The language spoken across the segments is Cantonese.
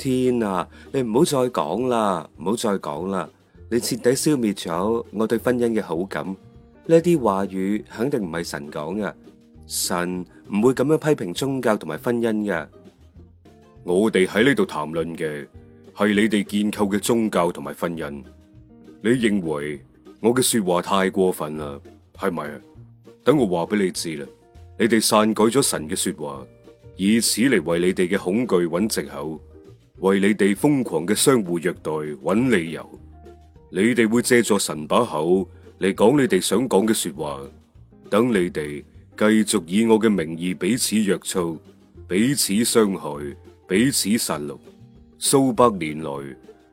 天啊！你唔好再講啦，唔好再講啦。你徹底消滅咗我對婚姻嘅好感。呢啲話語肯定唔係神講嘅，神唔會咁樣批評宗教同埋婚姻嘅。我哋喺呢度談論嘅係你哋建構嘅宗教同埋婚姻。你認為我嘅說話太過分啦？係咪啊？等我話俾你知啦。你哋篡改咗神嘅說話，以此嚟為你哋嘅恐懼揾藉口。為你哋瘋狂嘅相互虐待揾理由，你哋會借助神把口嚟講你哋想講嘅說話，等你哋繼續以我嘅名義彼此約束、彼此傷害、彼此殺戮。數百年來，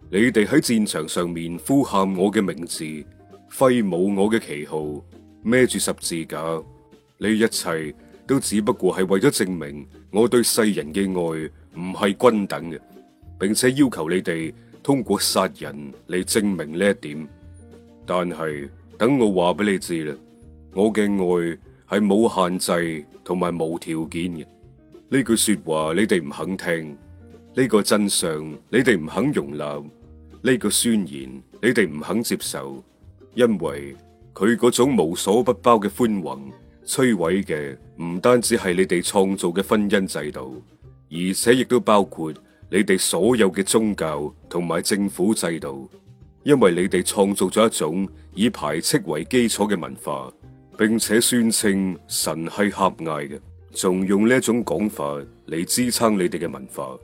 你哋喺戰場上面呼喊我嘅名字，揮舞我嘅旗號，孭住十字架，呢一切都只不過係為咗證明我對世人嘅愛唔係均等嘅。並且要求你哋通過殺人嚟證明呢一點，但係等我話俾你知啦，我嘅愛係冇限制同埋無條件嘅。呢句說話你哋唔肯聽，呢個真相你哋唔肯容納，呢個宣言你哋唔肯接受，因為佢嗰種無所不包嘅寬宏摧毀嘅唔單止係你哋創造嘅婚姻制度，而且亦都包括。你哋所有嘅宗教同埋政府制度，因為你哋創造咗一種以排斥為基礎嘅文化，並且宣稱神係狹隘嘅，仲用呢種講法嚟支撐你哋嘅文化。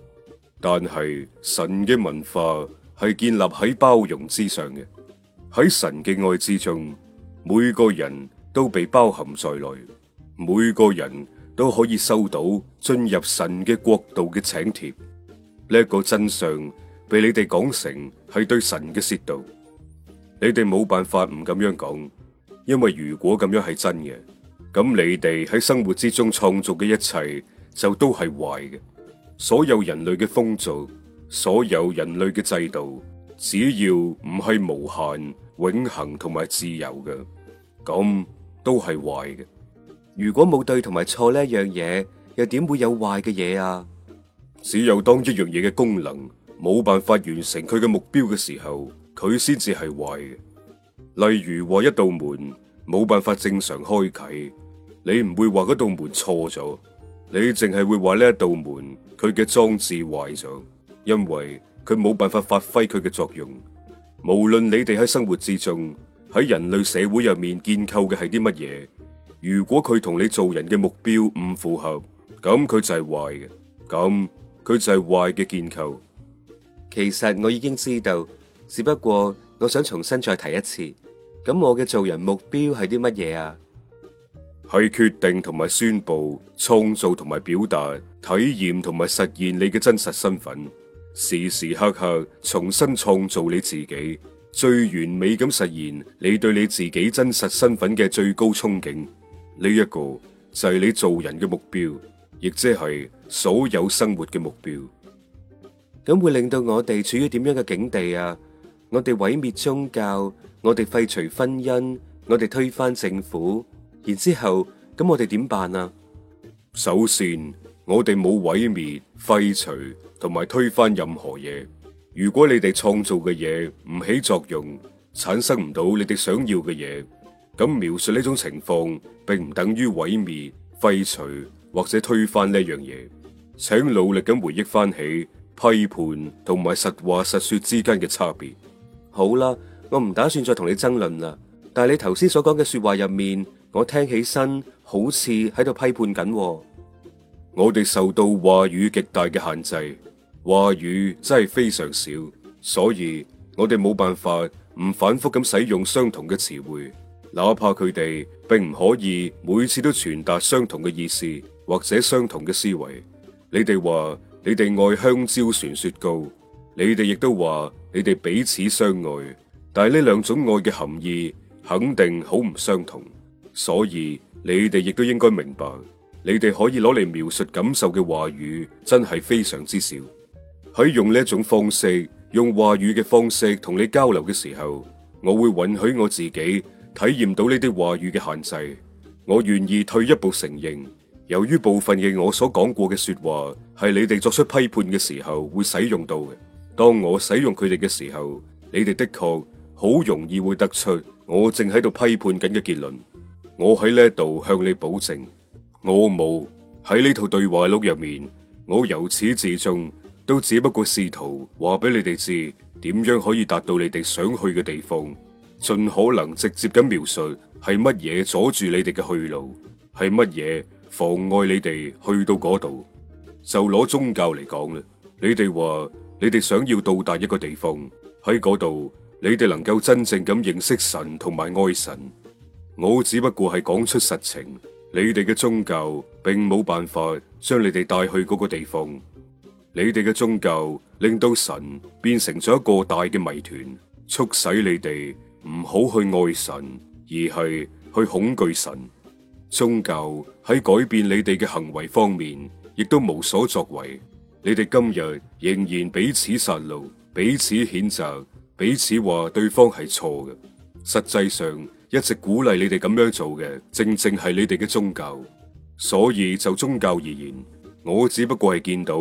但係神嘅文化係建立喺包容之上嘅，喺神嘅愛之中，每個人都被包含在內，每個人都可以收到進入神嘅國度嘅請帖。呢個真相被你哋講成係對神嘅褻瀆，你哋冇辦法唔咁樣講，因為如果咁樣係真嘅，咁你哋喺生活之中創造嘅一切就都係壞嘅。所有人類嘅風俗，所有人類嘅制度，只要唔係無限、永恆同埋自由嘅，咁都係壞嘅。如果冇對同埋錯呢一樣嘢，又點會有壞嘅嘢啊？只有當一樣嘢嘅功能冇辦法完成佢嘅目標嘅時候，佢先至係壞嘅。例如話，一道門冇辦法正常開啟，你唔會話嗰道門錯咗，你淨係會話呢一道門佢嘅裝置壞咗，因為佢冇辦法發揮佢嘅作用。無論你哋喺生活之中，喺人類社會入面，建構嘅係啲乜嘢，如果佢同你做人嘅目標唔符合，咁佢就係壞嘅。咁佢就係壞嘅建構。其實我已經知道，只不過我想重新再提一次。咁我嘅做人目標係啲乜嘢啊？係決定同埋宣布、創造同埋表達、體驗同埋實現你嘅真實身份。時時刻刻重新創造你自己，最完美咁實現你對你自己真實身份嘅最高憧憬。呢一個就係你做人嘅目標，亦即係。所有生活嘅目標，咁會令到我哋處於點樣嘅境地啊？我哋毀滅宗教，我哋廢除婚姻，我哋推翻政府，然之後咁我哋點辦啊？首先，我哋冇毀滅、廢除同埋推翻任何嘢。如果你哋創造嘅嘢唔起作用，產生唔到你哋想要嘅嘢，咁描述呢種情況，並唔等於毀滅、廢除或者推翻呢樣嘢。請努力咁回憶翻起批判同埋實話實說之間嘅差別。好啦，我唔打算再同你爭論啦。但係你頭先所講嘅說話入面，我聽起身好似喺度批判緊哦。我哋受到話語極大嘅限制，話語真係非常少，所以我哋冇辦法唔反覆咁使用相同嘅詞彙，哪怕佢哋並唔可以每次都傳達相同嘅意思或者相同嘅思維。你哋話你哋愛香蕉船雪糕，你哋亦都話你哋彼此相愛，但係呢兩種愛嘅含義肯定好唔相同，所以你哋亦都應該明白，你哋可以攞嚟描述感受嘅話語真係非常之少。喺用呢一種方式，用話語嘅方式同你交流嘅時候，我會允許我自己體驗到呢啲話語嘅限制，我願意退一步承認。由於部分嘅我所講過嘅說話係你哋作出批判嘅時候會使用到嘅，當我使用佢哋嘅時候，你哋的確好容易會得出我正喺度批判緊嘅結論。我喺呢度向你保證，我冇喺呢套對話錄入面，我由始至終都只不過試圖話俾你哋知點樣可以達到你哋想去嘅地方，盡可能直接咁描述係乜嘢阻住你哋嘅去路，係乜嘢。妨礙你哋去到嗰度，就攞宗教嚟講啦。你哋話你哋想要到達一個地方，喺嗰度你哋能夠真正咁認識神同埋愛神。我只不過係講出實情。你哋嘅宗教並冇辦法將你哋帶去嗰個地方。你哋嘅宗教令到神變成咗一個大嘅謎團，促使你哋唔好去愛神，而係去恐懼神。宗教喺改變你哋嘅行為方面，亦都無所作為。你哋今日仍然彼此殺戮、彼此譴責、彼此話對方係錯嘅。實際上，一直鼓勵你哋咁樣做嘅，正正係你哋嘅宗教。所以就宗教而言，我只不過係見到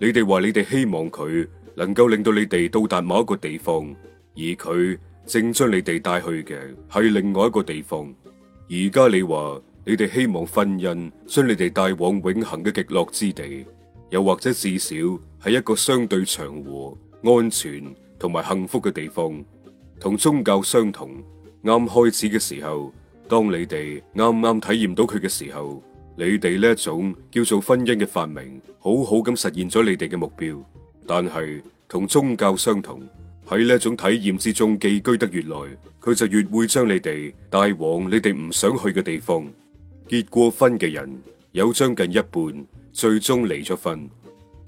你哋話你哋希望佢能夠令到你哋到達某一個地方，而佢正將你哋帶去嘅係另外一個地方。而家你話。你哋希望婚姻將你哋帶往永恒嘅極樂之地，又或者至少係一個相對祥和、安全同埋幸福嘅地方。同宗教相同，啱開始嘅時候，當你哋啱啱體驗到佢嘅時候，你哋呢一種叫做婚姻嘅發明，好好咁實現咗你哋嘅目標。但係同宗教相同，喺呢種體驗之中寄居得越耐，佢就越會將你哋帶往你哋唔想去嘅地方。結過婚嘅人有將近一半最終離咗婚。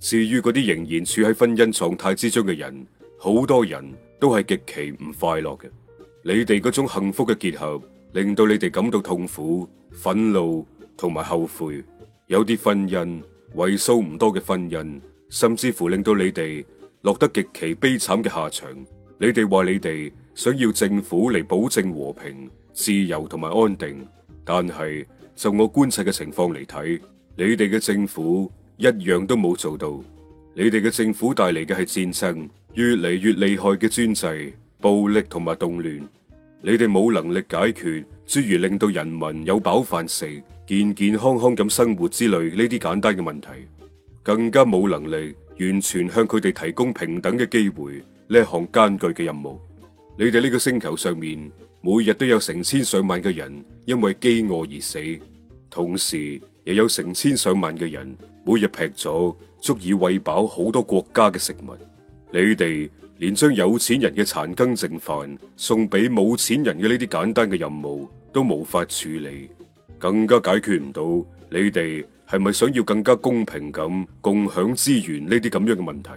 至於嗰啲仍然處喺婚姻狀態之中嘅人，好多人都係極其唔快樂嘅。你哋嗰種幸福嘅結合，令到你哋感到痛苦、憤怒同埋後悔。有啲婚姻為數唔多嘅婚姻，甚至乎令到你哋落得極其悲慘嘅下場。你哋話你哋想要政府嚟保證和平、自由同埋安定，但係。就我觀察嘅情況嚟睇，你哋嘅政府一樣都冇做到，你哋嘅政府帶嚟嘅係戰爭，越嚟越厲害嘅專制、暴力同埋動亂，你哋冇能力解決諸如令到人民有飽飯食、健健康康咁生活之類呢啲簡單嘅問題，更加冇能力完全向佢哋提供平等嘅機會呢項艱巨嘅任務。你哋呢個星球上面。每日都有成千上萬嘅人因為飢餓而死，同時也有成千上萬嘅人每日劈咗足以餵飽好多國家嘅食物。你哋連將有錢人嘅殘羹剩飯送俾冇錢人嘅呢啲簡單嘅任務都無法處理，更加解決唔到你哋係咪想要更加公平咁共享資源呢啲咁樣嘅問題。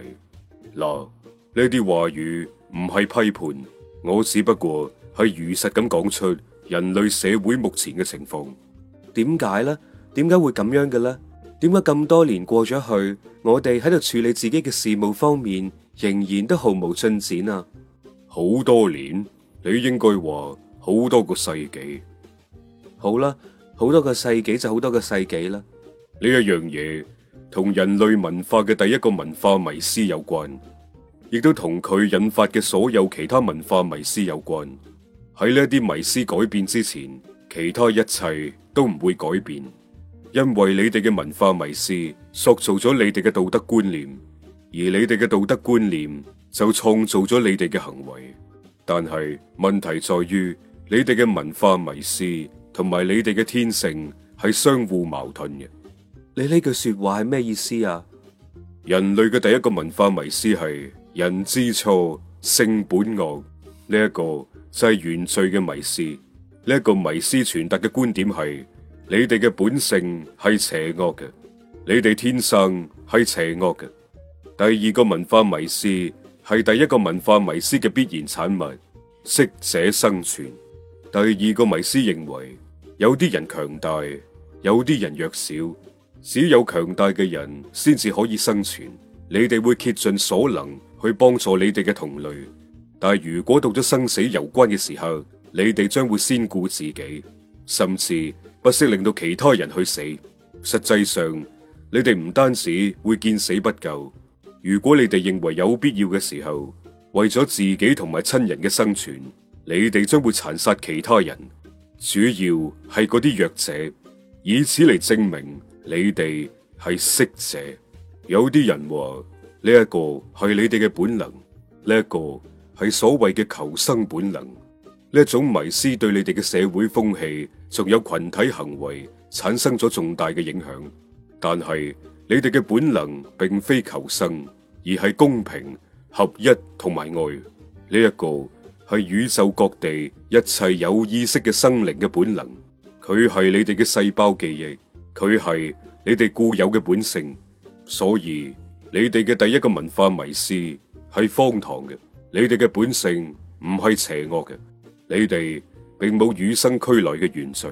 嗱，呢啲話語唔係批判，我只不過。係如實咁講出人類社會目前嘅情況，點解咧？點解會咁樣嘅咧？點解咁多年過咗去，我哋喺度處理自己嘅事務方面仍然都毫無進展啊？好多年，你應該話好多個世紀。好啦，好多個世紀就好多個世紀啦。呢一樣嘢同人類文化嘅第一個文化迷思有關，亦都同佢引發嘅所有其他文化迷思有關。喺呢啲迷思改變之前，其他一切都唔會改變，因為你哋嘅文化迷思塑造咗你哋嘅道德觀念，而你哋嘅道德觀念就創造咗你哋嘅行為。但係問題在於，你哋嘅文化迷思同埋你哋嘅天性係相互矛盾嘅。你呢句說話係咩意思啊？人類嘅第一個文化迷思係人之初，性本惡呢一個。就係原罪嘅迷思，呢個迷思傳達嘅觀點係：你哋嘅本性係邪惡嘅，你哋天生係邪惡嘅。第二個文化迷思係第一個文化迷思嘅必然產物，適者生存。第二個迷思認為，有啲人強大，有啲人弱小，只有強大嘅人先至可以生存。你哋會竭盡所能去幫助你哋嘅同類。但係，如果到咗生死攸關嘅時候，你哋將會先顧自己，甚至不惜令到其他人去死。實際上，你哋唔單止會見死不救，如果你哋認為有必要嘅時候，為咗自己同埋親人嘅生存，你哋將會殘殺其他人，主要係嗰啲弱者，以此嚟證明你哋係適者。有啲人話呢一個係你哋嘅本能，呢、這、一個。係所謂嘅求生本能，呢一種迷思，對你哋嘅社會風氣，仲有群體行為產生咗重大嘅影響。但係你哋嘅本能並非求生，而係公平、合一同埋愛。呢一個係宇宙各地一切有意識嘅生靈嘅本能，佢係你哋嘅細胞記憶，佢係你哋固有嘅本性，所以你哋嘅第一個文化迷思係荒唐嘅。你哋嘅本性唔係邪惡嘅，你哋並冇與生俱來嘅原罪。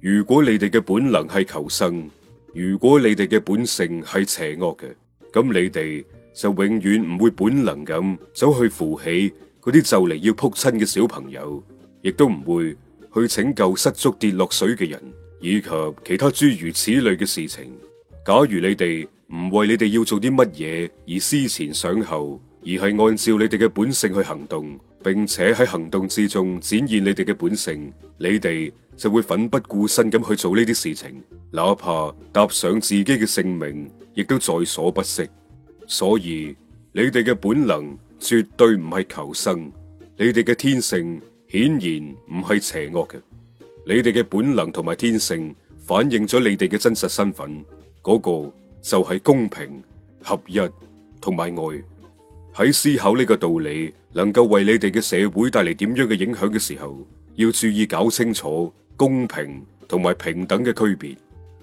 如果你哋嘅本能係求生，如果你哋嘅本性係邪惡嘅，咁你哋就永遠唔會本能咁走去扶起嗰啲就嚟要撲親嘅小朋友，亦都唔會去拯救失足跌落水嘅人，以及其他諸如此類嘅事情。假如你哋唔為你哋要做啲乜嘢而思前想後。而係按照你哋嘅本性去行動，並且喺行動之中展現你哋嘅本性，你哋就會奮不顧身咁去做呢啲事情，哪怕搭上自己嘅性命，亦都在所不惜。所以你哋嘅本能絕對唔係求生，你哋嘅天性顯然唔係邪惡嘅。你哋嘅本能同埋天性反映咗你哋嘅真實身份，嗰個就係公平、合一同埋愛。喺思考呢個道理能夠為你哋嘅社會帶嚟點樣嘅影響嘅時候，要注意搞清楚公平同埋平等嘅區別。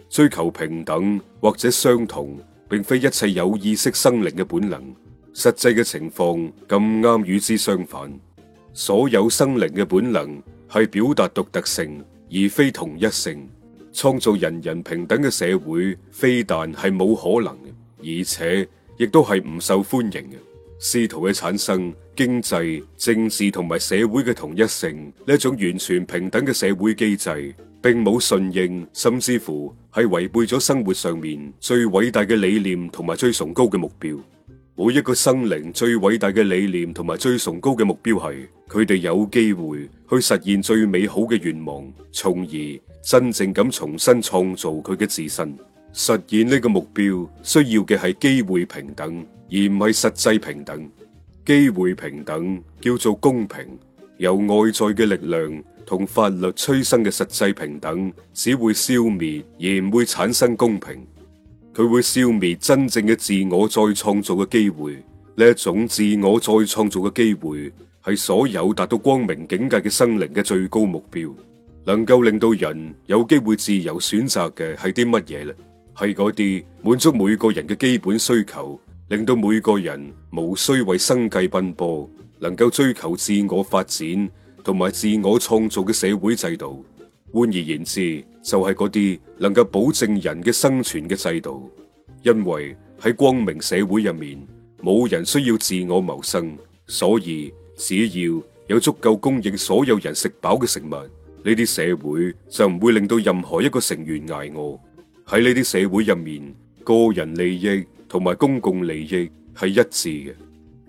追求平等或者相同，並非一切有意識生靈嘅本能。實際嘅情況咁啱與之相反。所有生靈嘅本能係表達獨特性，而非同一性。創造人人平等嘅社會，非但係冇可能，而且亦都係唔受歡迎嘅。試圖嘅產生經濟、政治同埋社會嘅同一性，呢一種完全平等嘅社會機制，並冇順應，甚至乎係違背咗生活上面最偉大嘅理念同埋最崇高嘅目標。每一個生靈最偉大嘅理念同埋最崇高嘅目標係，佢哋有機會去實現最美好嘅願望，從而真正咁重新創造佢嘅自身。實現呢個目標需要嘅係機會平等，而唔係實際平等。機會平等叫做公平，由外在嘅力量同法律催生嘅實際平等只會消滅，而唔會產生公平。佢會消滅真正嘅自我再創造嘅機會。呢一種自我再創造嘅機會係所有達到光明境界嘅生靈嘅最高目標。能夠令到人有機會自由選擇嘅係啲乜嘢呢？係嗰啲滿足每個人嘅基本需求，令到每個人無需為生計奔波，能夠追求自我發展同埋自我創造嘅社會制度。換而言之，就係嗰啲能夠保證人嘅生存嘅制度。因為喺光明社會入面，冇人需要自我謀生，所以只要有足夠供應所有人食飽嘅食物，呢啲社會就唔會令到任何一個成員捱餓。喺呢啲社會入面，個人利益同埋公共利益係一致嘅。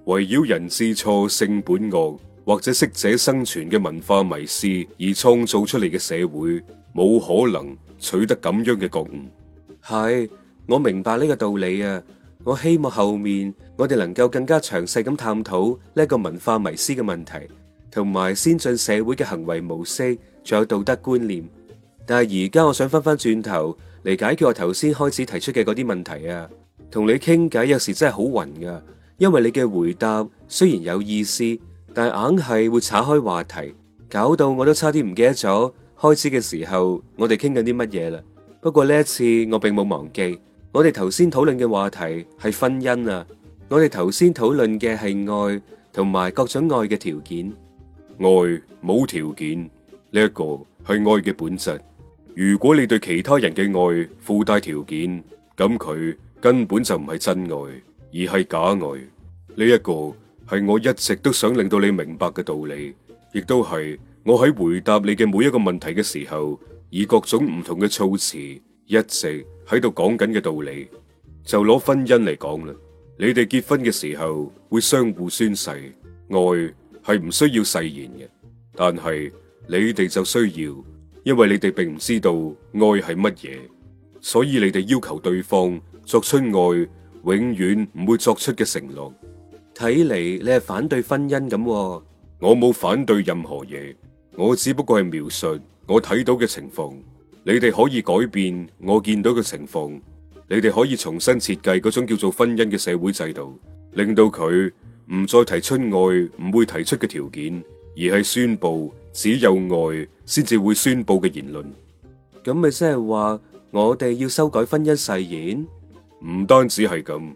圍繞人之錯、性本惡或者適者生存嘅文化迷思而創造出嚟嘅社會，冇可能取得咁樣嘅覺悟。係我明白呢個道理啊！我希望後面我哋能夠更加詳細咁探討呢個文化迷思嘅問題，同埋先進社會嘅行為模式，仲有道德觀念。但係而家我想翻翻轉頭。嚟解決我頭先開始提出嘅嗰啲問題啊！同你傾偈有時真係好暈噶，因為你嘅回答雖然有意思，但硬係會岔開話題，搞到我都差啲唔記得咗開始嘅時候我哋傾緊啲乜嘢啦。不過呢一次我並冇忘記，我哋頭先討論嘅話題係婚姻啊，我哋頭先討論嘅係愛同埋各種愛嘅條件，愛冇條件，呢一個係愛嘅本質。如果你對其他人嘅愛附帶條件，咁佢根本就唔係真愛，而係假愛。呢、這、一個係我一直都想令到你明白嘅道理，亦都係我喺回答你嘅每一個問題嘅時候，以各種唔同嘅措辭一直喺度講緊嘅道理。就攞婚姻嚟講啦，你哋結婚嘅時候會相互宣誓，愛係唔需要誓言嘅，但係你哋就需要。因為你哋並唔知道愛係乜嘢，所以你哋要求對方作出愛永遠唔會作出嘅承諾。睇嚟你係反對婚姻咁喎。我冇反對任何嘢，我只不過係描述我睇到嘅情況。你哋可以改變我見到嘅情況，你哋可以重新設計嗰種叫做婚姻嘅社會制度，令到佢唔再提出愛唔會提出嘅條件，而係宣布。只有愛先至會宣布嘅言論，咁咪即係話我哋要修改婚姻誓言？唔單止係咁，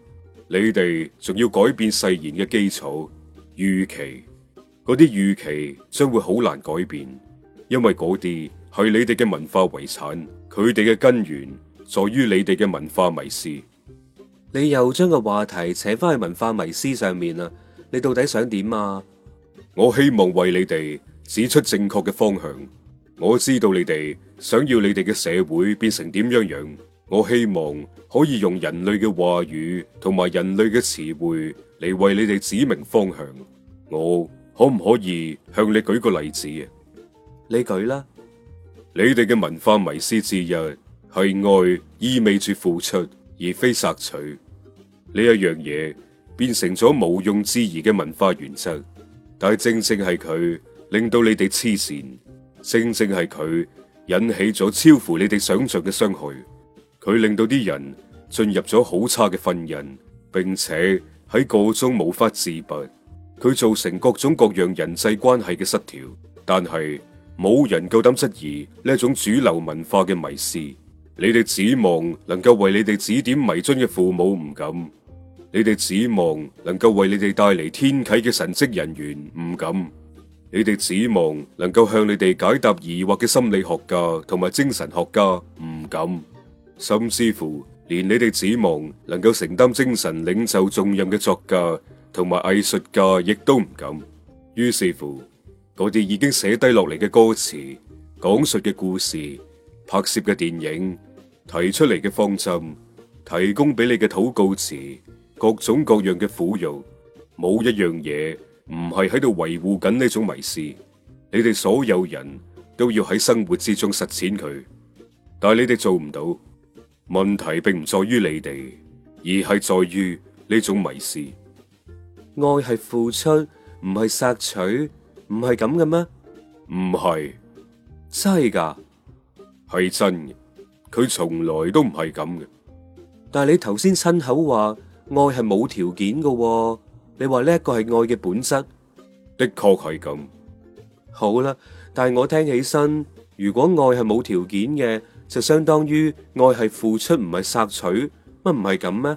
你哋仲要改變誓言嘅基礎，預期，嗰啲預期將會好難改變，因為嗰啲係你哋嘅文化遺產，佢哋嘅根源在於你哋嘅文化迷思。你又將個話題扯翻去文化迷思上面啊，你到底想點啊？我希望為你哋指出正確嘅方向。我知道你哋想要你哋嘅社會變成點樣樣。我希望可以用人類嘅話語同埋人類嘅詞彙嚟為你哋指明方向。我可唔可以向你舉個例子？你舉啦。你哋嘅文化迷思之一係愛，意味住付出而非索取呢一樣嘢，變成咗無用之疑嘅文化原則。但係正正係佢。令到你哋黐線，正正係佢引起咗超乎你哋想象嘅傷害。佢令到啲人進入咗好差嘅婚姻，並且喺個中無法自拔。佢造成各種各樣人際關係嘅失調，但係冇人夠膽質疑呢種主流文化嘅迷思。你哋指望能夠為你哋指點迷津嘅父母唔敢，你哋指望能夠為你哋帶嚟天啟嘅神職人員唔敢。你哋指望能夠向你哋解答疑惑嘅心理學家同埋精神學家唔敢，甚至乎連你哋指望能夠承擔精神領袖重任嘅作家同埋藝術家亦都唔敢。於是乎，我哋已經寫低落嚟嘅歌詞、講述嘅故事、拍攝嘅電影、提出嚟嘅方針、提供俾你嘅禱告詞，各種各樣嘅苦肉，冇一樣嘢。唔係喺度維護緊呢種迷思，你哋所有人都要喺生活之中實踐佢，但係你哋做唔到。問題並唔在於你哋，而係在於呢種迷思。愛係付出，唔係索取，唔係咁嘅咩？唔係，真噶，係真嘅。佢從來都唔係咁嘅。但係你頭先親口話愛係冇條件嘅喎。你話呢一個係愛嘅本質，的確係咁。好啦，但係我聽起身，如果愛係冇條件嘅，就相當於愛係付出唔係索取，乜唔係咁咩？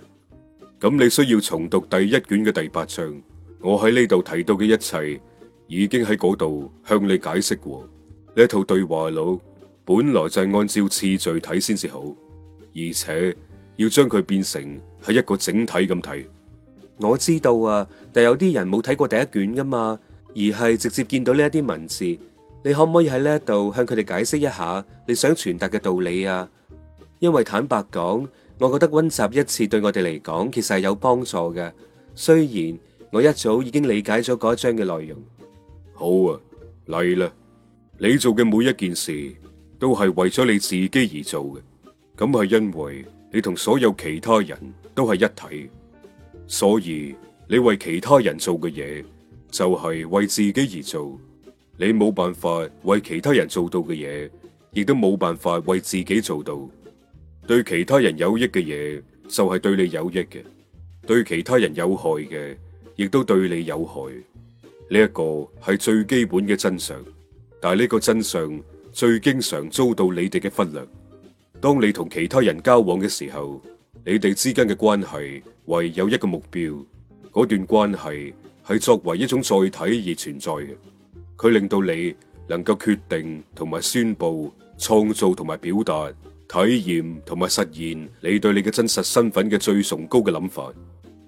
咁、嗯、你需要重讀第一卷嘅第八章。我喺呢度提到嘅一切，已經喺嗰度向你解釋過。呢套對話錄本來就係按照次序睇先至好，而且要將佢變成係一個整體咁睇。我知道啊，但有啲人冇睇過第一卷噶嘛，而係直接見到呢一啲文字。你可唔可以喺呢一度向佢哋解釋一下你想傳達嘅道理啊？因為坦白講，我覺得溫習一次對我哋嚟講其實係有幫助嘅。雖然我一早已經理解咗嗰一章嘅內容。好啊，嚟啦！你做嘅每一件事都係為咗你自己而做嘅，咁係因為你同所有其他人都係一體。所以你為其他人做嘅嘢就係為自己而做。你冇辦法為其他人做到嘅嘢，亦都冇辦法為自己做到。對其他人有益嘅嘢就係對你有益嘅，對其他人有害嘅，亦都對你有害。呢一個係最基本嘅真相，但係呢個真相最經常遭到你哋嘅忽略。當你同其他人交往嘅時候，你哋之間嘅關係。唯有一個目標，嗰段關係係作為一種載體而存在嘅，佢令到你能夠決定同埋宣布、創造同埋表達、體驗同埋實現你對你嘅真實身份嘅最崇高嘅諗法。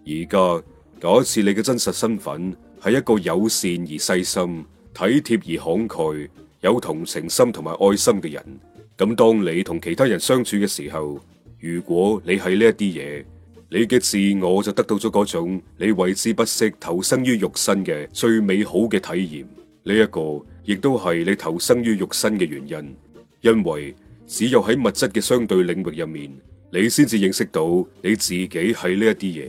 而家假設你嘅真實身份係一個友善而細心、體貼而慷慨、有同情心同埋愛心嘅人，咁當你同其他人相處嘅時候，如果你係呢一啲嘢。你嘅自我就得到咗嗰種你為之不惜投身於肉身嘅最美好嘅體驗，呢、這、一個亦都係你投身於肉身嘅原因，因為只有喺物質嘅相對領域入面，你先至認識到你自己係呢一啲嘢。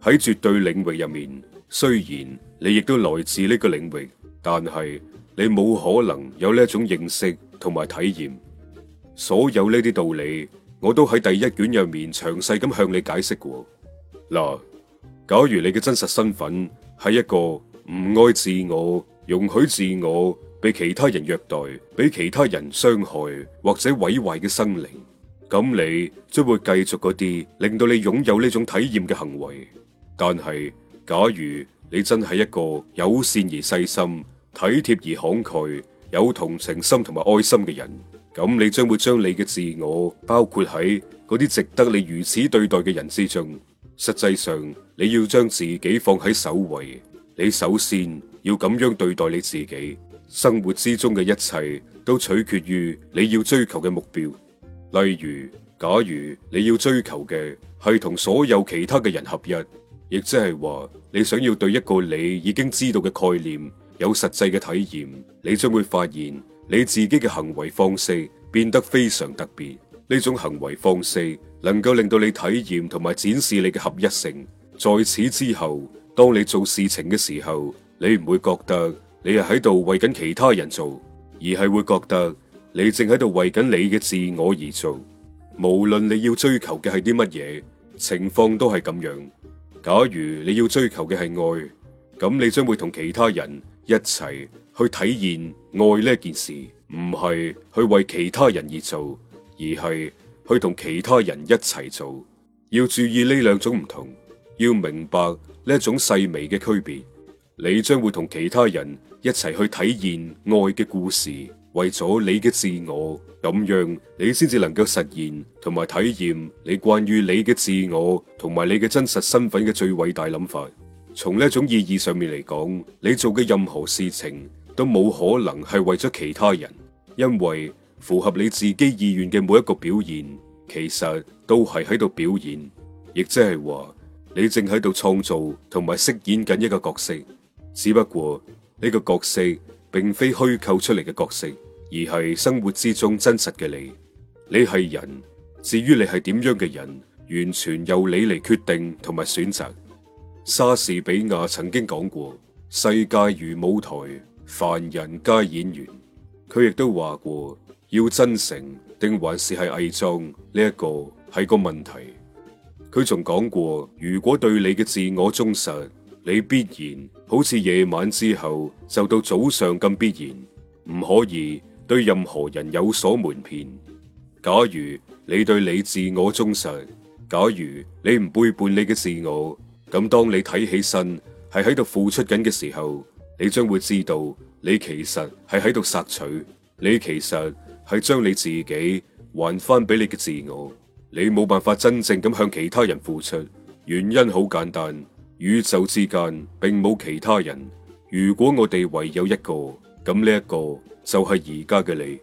喺絕對領域入面，雖然你亦都來自呢個領域，但係你冇可能有呢一種認識同埋體驗。所有呢啲道理。我都喺第一卷入面詳細咁向你解釋過。嗱，假如你嘅真實身份係一個唔愛自我、容許自我被其他人虐待、被其他人傷害或者毀壞嘅生靈，咁你將會繼續嗰啲令到你擁有呢種體驗嘅行為。但係，假如你真係一個友善而細心、體貼而慷慨、有同情心同埋愛心嘅人。咁你將會將你嘅自我包括喺嗰啲值得你如此對待嘅人之中。實際上，你要將自己放喺首位，你首先要咁樣對待你自己。生活之中嘅一切都取決於你要追求嘅目標。例如，假如你要追求嘅係同所有其他嘅人合一，亦即係話你想要對一個你已經知道嘅概念有實際嘅體驗，你將會發現。你自己嘅行為方式變得非常特別，呢種行為方式能夠令到你體驗同埋展示你嘅合一性。在此之後，當你做事情嘅時候，你唔會覺得你係喺度為緊其他人做，而係會覺得你正喺度為緊你嘅自我而做。無論你要追求嘅係啲乜嘢，情況都係咁樣。假如你要追求嘅係愛，咁你將會同其他人一齊去體驗。愛呢件事唔係去為其他人而做，而係去同其他人一齊做。要注意呢兩種唔同，要明白呢種細微嘅區別。你將會同其他人一齊去體驗愛嘅故事，為咗你嘅自我，咁樣你先至能夠實現同埋體驗你關於你嘅自我同埋你嘅真實身份嘅最偉大諗法。從呢種意義上面嚟講，你做嘅任何事情，都冇可能係為咗其他人，因為符合你自己意願嘅每一個表現，其實都係喺度表演，亦即係話你正喺度創造同埋飾演緊一個角色。只不過呢個角色並非虛構出嚟嘅角色，而係生活之中真實嘅你。你係人，至於你係點樣嘅人，完全由你嚟決定同埋選擇。莎士比亞曾經講過：世界如舞台。凡人皆演員，佢亦都話過，要真誠，定還是係偽裝呢一個係個問題。佢仲講過，如果對你嘅自我忠實，你必然好似夜晚之後就到早上咁必然，唔可以對任何人有所瞞騙。假如你對你自我忠實，假如你唔背叛你嘅自我，咁當你睇起身係喺度付出緊嘅時候。你將會知道，你其實係喺度索取，你其實係將你自己還翻俾你嘅自我。你冇辦法真正咁向其他人付出，原因好簡單，宇宙之間並冇其他人。如果我哋唯有一個，咁呢一個就係而家嘅你。